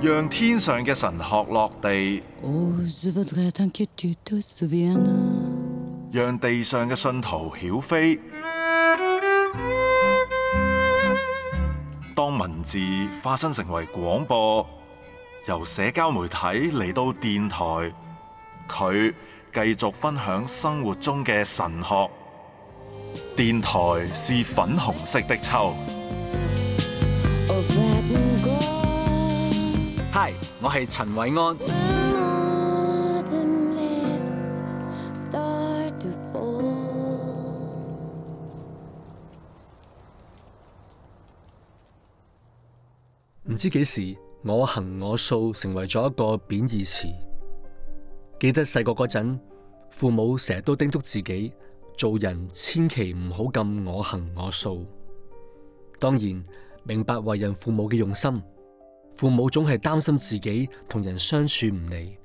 讓天上嘅神學落地，讓地上嘅信徒曉飛。當文字化身成為廣播，由社交媒體嚟到電台，佢繼續分享生活中嘅神學。電台是粉紅色的秋。Hi，我係陳偉安。唔知幾時，我行我素成為咗一個貶義詞。記得細個嗰陣，父母成日都叮囑自己。做人千祈唔好咁我行我素。當然，明白為人父母嘅用心，父母總係擔心自己同人相處唔嚟，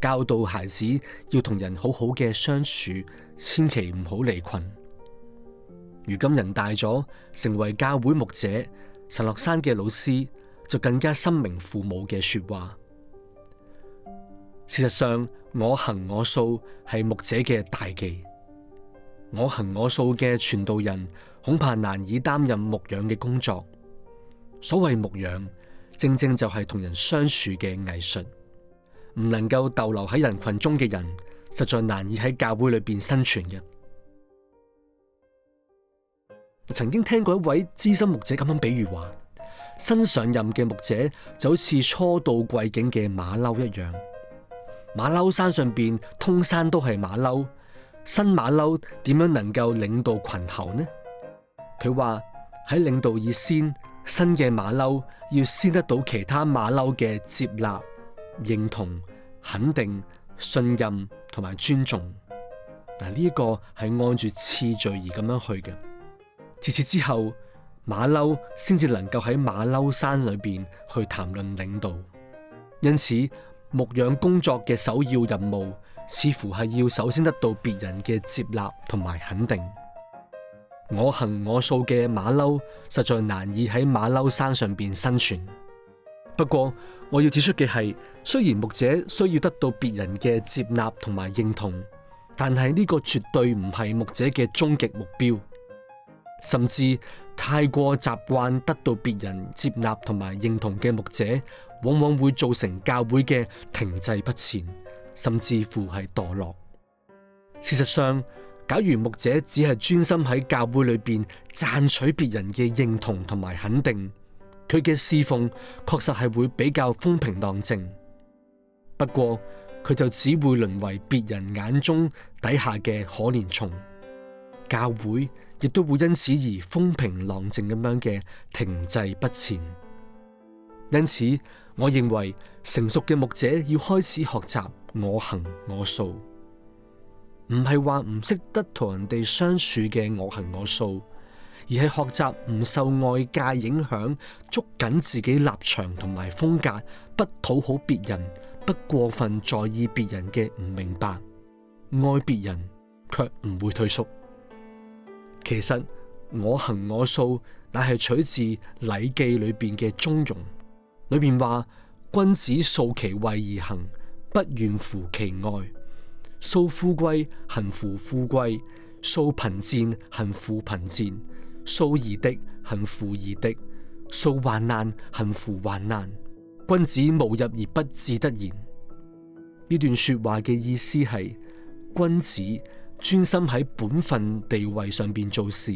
教導孩子要同人好好嘅相處，千祈唔好離群。如今人大咗，成為教會牧者陳樂山嘅老師，就更加深明父母嘅說話。事實上，我行我素係牧者嘅大忌。我行我素嘅傳道人恐怕難以擔任牧羊嘅工作。所謂牧羊，正正就係同人相處嘅藝術。唔能夠逗留喺人群中嘅人，實在難以喺教會裏面生存嘅。曾經聽過一位資深牧者咁樣比喻話：「新上任嘅牧者就好似初到貴境嘅馬騮一樣，馬騮山上邊通山都係馬騮。新馬騮點樣能夠領導群猴呢？佢話喺領導以先，新嘅馬騮要先得到其他馬騮嘅接納、認同、肯定、信任同埋尊重。嗱，呢一個係按住次序而咁樣去嘅。自此之後，馬騮先至能夠喺馬騮山裏邊去談論領導。因此，牧養工作嘅首要任務。似乎係要首先得到別人嘅接納同埋肯定，我行我素嘅馬騮實在難以喺馬騮山上邊生存。不過，我要指出嘅係，雖然牧者需要得到別人嘅接納同埋認同，但係呢個絕對唔係牧者嘅終極目標。甚至太過習慣得到別人接納同埋認同嘅牧者，往往會造成教會嘅停滯不前。甚至乎係墮落。事實上，假如牧者只係專心喺教會裏邊賺取別人嘅認同同埋肯定，佢嘅侍奉確實係會比較風平浪靜。不過，佢就只會淪為別人眼中底下嘅可憐蟲，教會亦都會因此而風平浪靜咁樣嘅停滯不前。因此，我認為成熟嘅牧者要開始學習我行我素，唔係話唔識得同人哋相處嘅我行我素，而係學習唔受外界影響，捉緊自己立場同埋風格，不討好別人，不過分在意別人嘅唔明白，愛別人卻唔會退縮。其實我行我素，乃係取自禮的《禮記》裏邊嘅中庸。裏面話：君子素其位而行，不願乎其外。素富貴，行乎富貴；素貧賤，行乎貧賤；素夷狄，行乎夷狄。素患難，行乎患難。君子無入而不自得焉。呢段說話嘅意思係：君子專心喺本分地位上邊做事，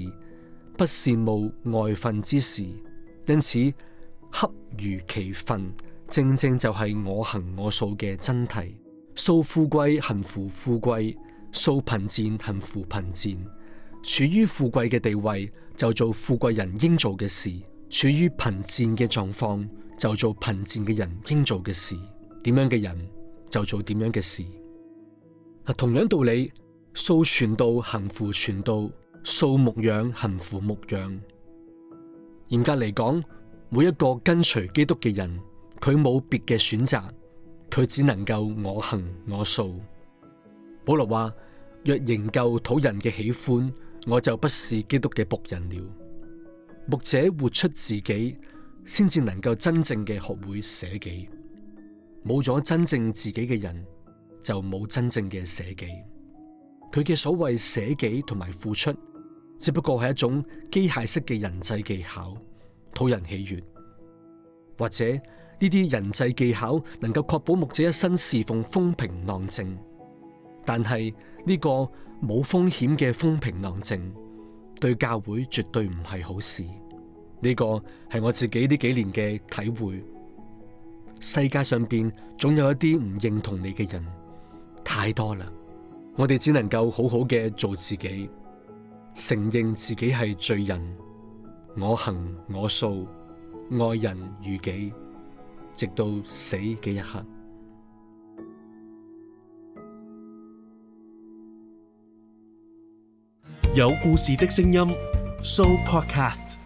不羨慕外份之事，因此。恰如其分，正正就係我行我素嘅真諦。素富貴行乎富貴，素貧賤行乎貧賤。處於富貴嘅地位，就做富貴人應做嘅事；處於貧賤嘅狀況，就做貧賤嘅人應做嘅事。點樣嘅人就做點樣嘅事。同樣道理，素傳道行乎傳道，素牧養行乎牧養。嚴格嚟講。每一個跟隨基督嘅人，佢冇別嘅選擇，佢只能夠我行我素。保羅話：若仍舊討人嘅喜歡，我就不是基督嘅僕人了。牧者活出自己，先至能夠真正嘅學會捨己。冇咗真正自己嘅人，就冇真正嘅捨己。佢嘅所謂捨己同埋付出，只不過係一種機械式嘅人際技巧。討人喜悅，或者呢啲人際技巧能夠確保牧者一生侍奉風平浪靜，但係呢個冇風險嘅風平浪靜，對教會絕對唔係好事。呢個係我自己呢幾年嘅體會。世界上邊總有一啲唔認同你嘅人，太多啦。我哋只能夠好好嘅做自己，承認自己係罪人。我行我素，愛人如己，直到死嘅一刻。有故事嘅聲音，Show Podcast。